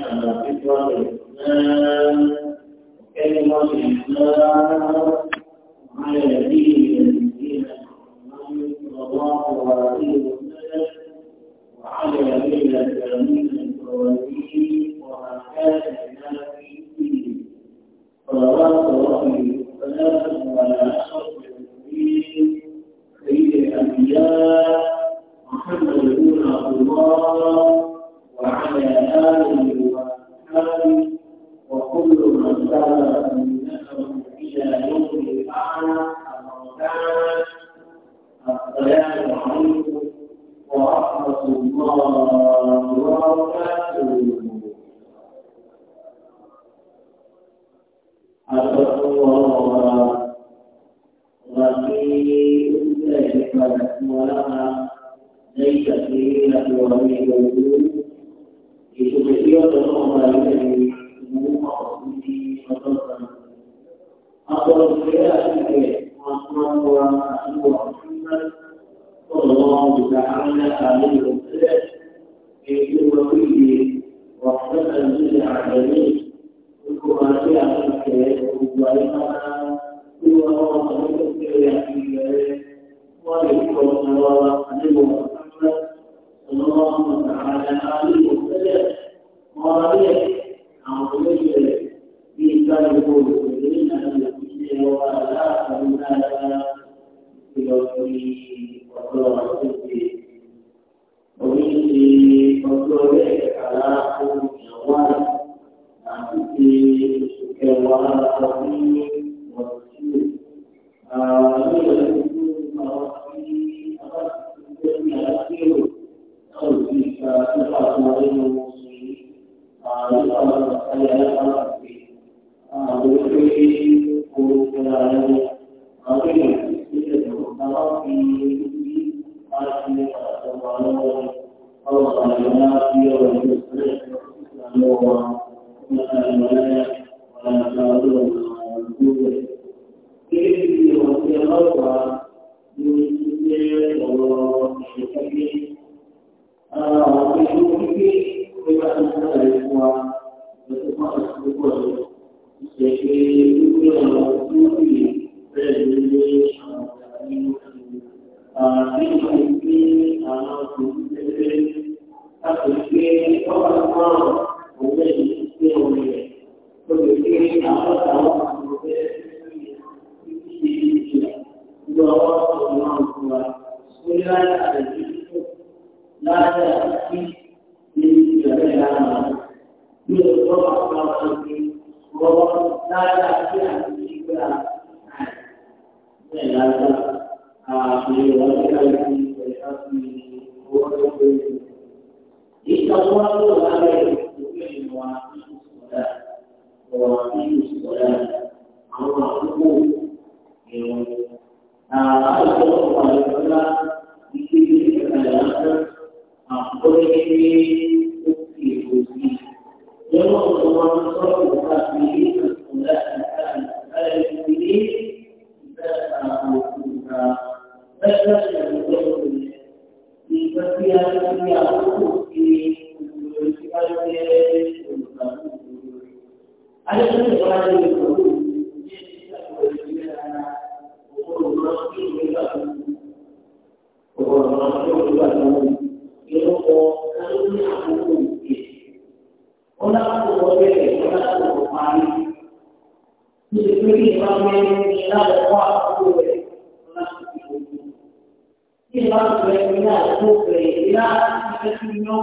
على فطرة الإسلام وكلمة الإسلام ọ̀rẹ́ عليه وسلم You. láti kọ́ àkókò rẹ̀ láti fi gbogbo. Bí ìbá ń bẹ ilé àkókò rẹ̀ ìlà ìfẹ́ tí ń yọ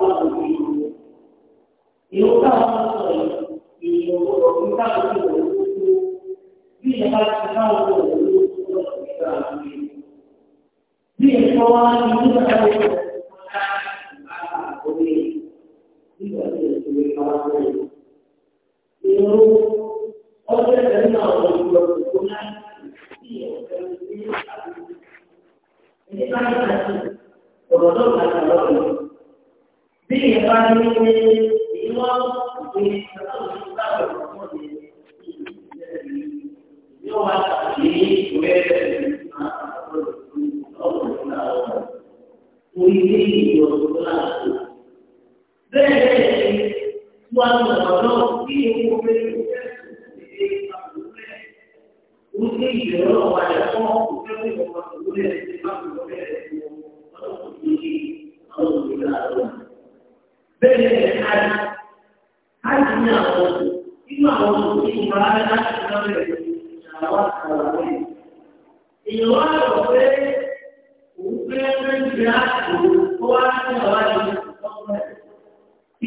ọ́ láti fi Ìlú táwọn ń sọ yìí, ìlú òkú táwọn ti wọ̀ lóko. Bí ìbá ti táwọn wọ̀ lóko lọ́sọ̀ ìgbà àgbè. Bí ìfọ́ wa ní ìlú táwọn wọ̀ lóko Thank you ọjọ́ Bí ìyẹn bá ní ìwọ́n ìgbé ìgbà náà ló ń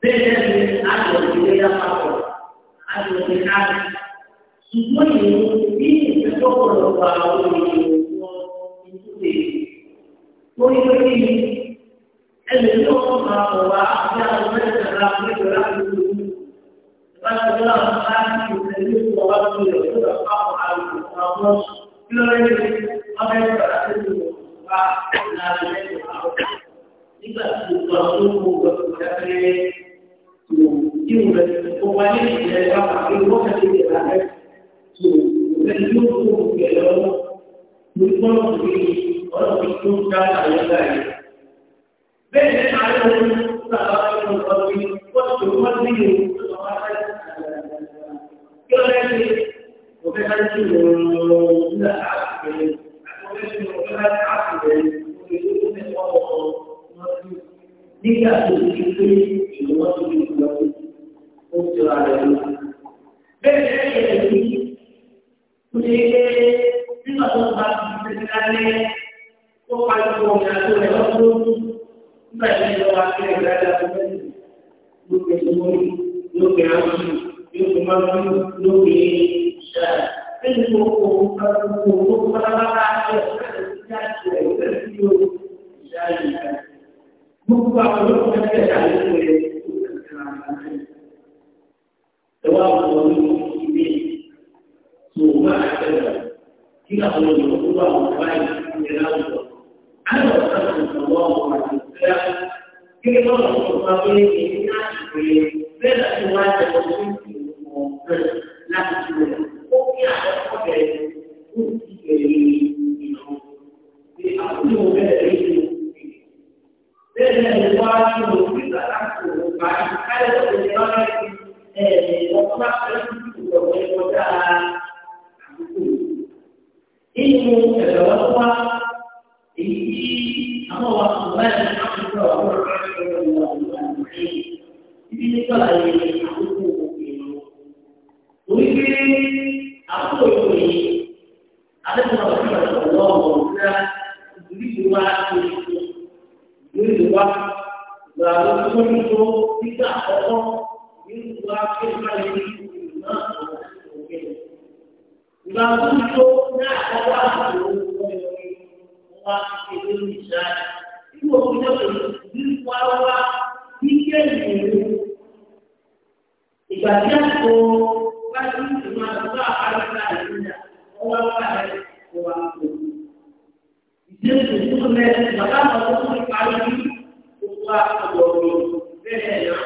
bẹ́ẹ̀ ni àjọ ìdílé lápapọ̀ àjọ ìdílé àjọ. ṣùgbọ́n ìlú bí ìgbẹ́jọ́ ọ̀pọ̀lọpọ̀ àwọn ènìyàn wọ ìdúgbò èyí. torí pé kí ni ẹnì tó kọ́ máa bọ̀ wá bí àwọn mẹ́ta ra mẹ́jọ láti lù ú. ìbáṣepọ̀ àwọn bá ti ìtẹ̀lé fún ọwọ́ tó yẹ kó lọ bá wọn àwọn àwọn kí ló lẹ́yìn ọmọ ẹgbẹ́ àti ìwọ̀nba láàrin mẹ́jọ àwọn nígbà tí ìgbà tó kù ọ̀pọ̀ 进入了公关业里面，要把这个过程给大家主跟用户给了民工主义和民工家长的概念。为什么还有人找到这种合理？我主观理由是什么？第二个是，我跟他是有那啥的，我跟是我跟他啥的，我跟他说我我我，那个是因为什么？ó ti ra rẹ̀ lọ. Bẹ́ẹ̀ ni ẹ̀yẹ rẹ̀ ní kò ṣe é nígbà tó bá ti ṣe lálẹ́ tó pariwo ọ̀gá tó rẹ̀ lọ́dún nígbà tí ìjọba wa ti rẹ̀ dáadáa tó bẹ́ẹ̀ ló pè é lórí ló pè é àwọn yóò fi máa ń ló pè é ṣáà. Bẹ́ẹ̀ni mo kò kọ́ kó kó pátápátá ṣe ọ̀gá tó ti jáde rẹ̀ ó fẹ́ sí o ìṣáà yìí. Gbogbo àwọn olóògbé ẹgbẹ́ ìṣàlẹ̀ ẹwà àwọn oníṣẹ́ tó bá àtẹ̀wọ̀ kí àwọn ènìyàn tó bá wọn báyìí ṣe láwùjọ. Àwọn ọ̀sán tó ń bọ̀ wọ́n àti ìṣẹ́yà kí wọ́n lọ sọ fún abẹ́rẹ́ ní láti bẹ́ẹ̀ láti wá àtẹ̀wọ̀ tó ló ń tó ní tó nígbà àkọ́kọ́ nínú wa kí ó má lè ní ìlú náà tó ń gbé. Ìgbà tó ń tó ní àkọ́kọ́ àti òun kọ́ ẹ̀ ní wọ́n á ti ṣe lórí ìṣá. Nígbà tó ń tó ní wá wá ní kéèyàn ìlú. Ìgbà tí a kò bá ti ń tún máa bá àbáríkà ìlúdà, wọ́n wá rẹ̀ kó wá kó. Ìdílé tó ń tún bàbá àwọn tó ń parí واحد وقول بين يومين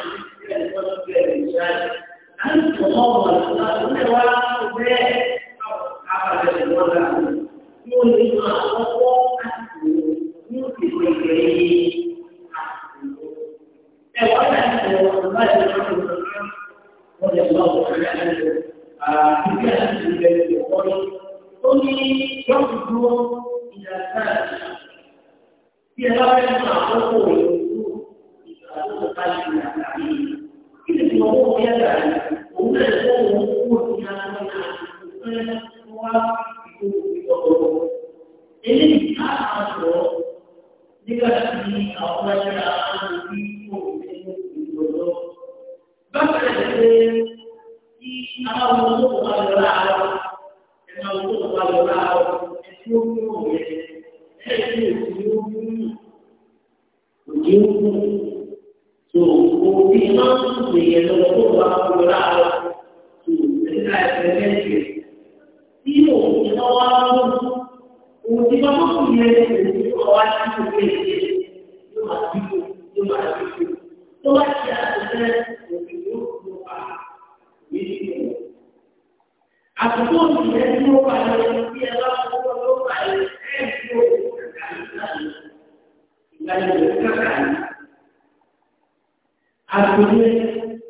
وقبل الشاي أنت الله الله هو ذلك عبد الله يقول ما هو يمكن يجري رضي الله تعالى عنه في كلام النبي يقول قل يخرج tí ó tí ó mú òní dan diberikan Artinya,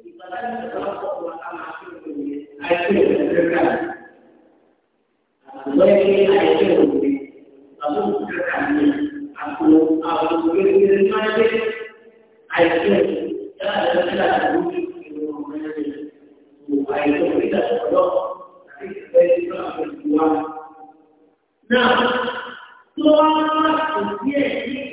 kita tadi setelah orang masuk ke dunia, ayat itu diberikan. Mereka ini ayat itu lalu diberikan ini. Aku, aku, aku, aku, aku, aku, aku, aku, aku, aku, aku, aku, aku, Nah, tuan-tuan, dia ini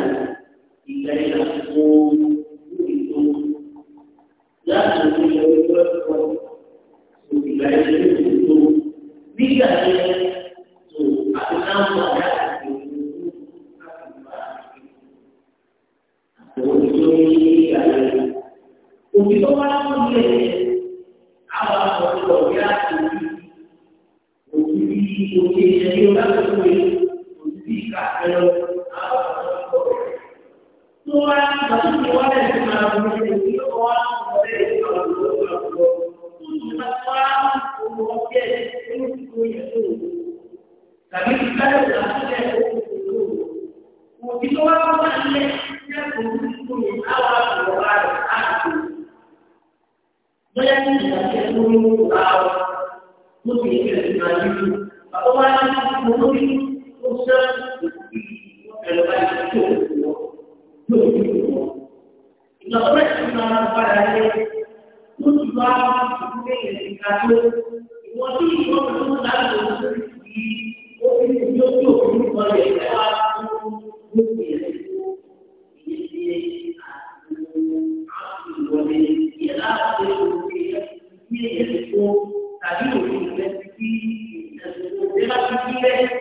mú àwọn mo sì ń bẹ̀rẹ̀ máa ní ìlú àwọn wá ní mo mú ní mo sá ẹ̀rọ bá yẹ kí òun wọ yóò ní ìwọ. ìjọba ẹ̀sìn máa ń padà yẹ mo sì wá ìdílé ìrìn àjò ìwọ tí ìwọ tó ń láti òun sí i ó fi ní ojú òfin kọlẹ̀ ẹ̀ wá fún mi. pé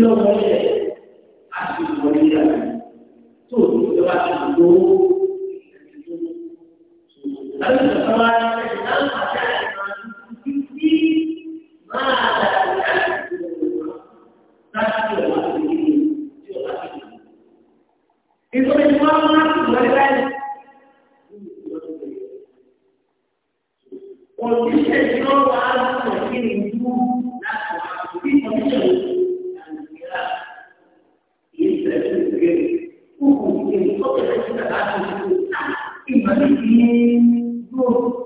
kí lọ́wọ́ ṣe àti ìwọlé rẹ̀ tó o ti wá ti lò Amen.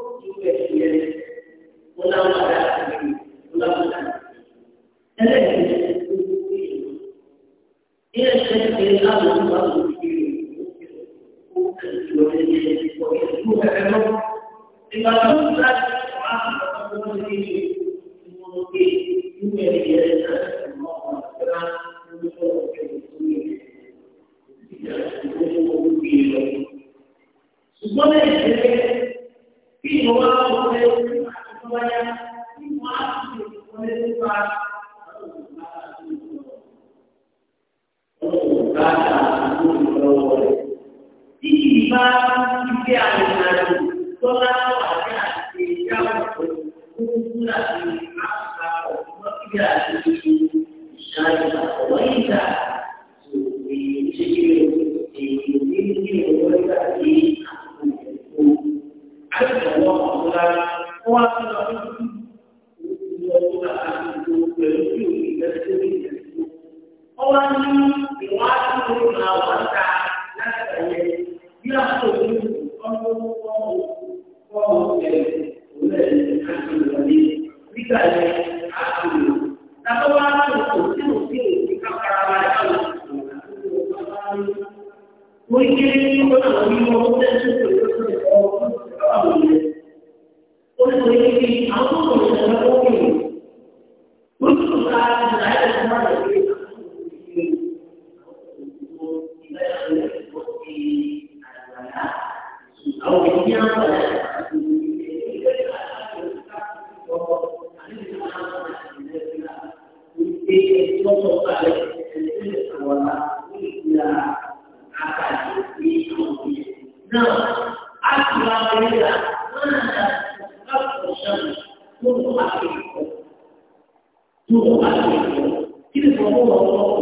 bá ń gbé àwọn ìrìnàjò tó láti Muy 我不管，你得保护我。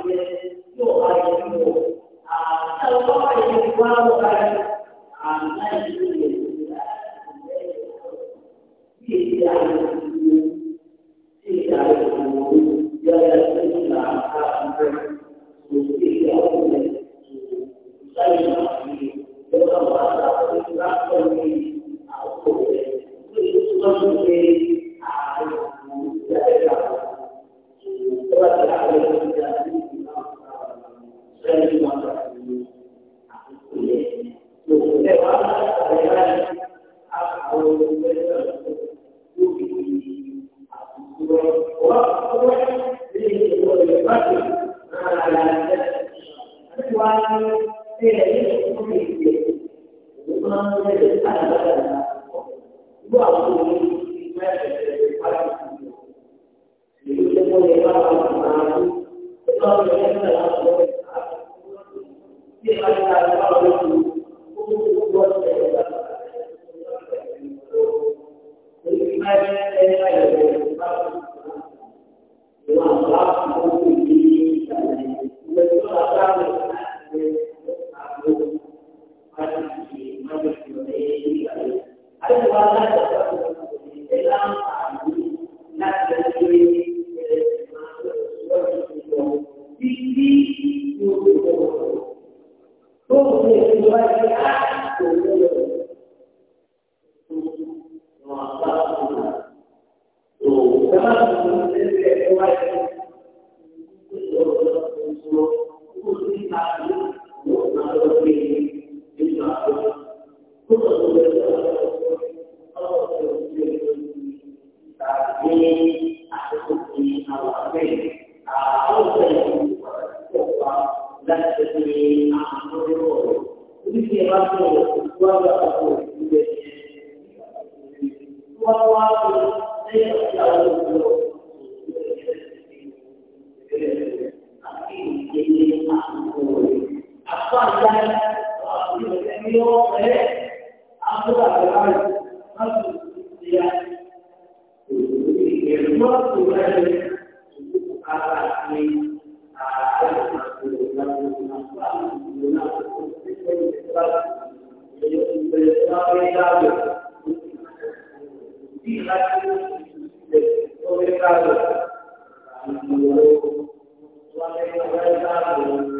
Hallelujah. وقت به ولبته ما لا يدري wá láti ìbáṣọ ìwádìí àpapọ̀ Wọ́n wá sí ẹ̀yà Thank you.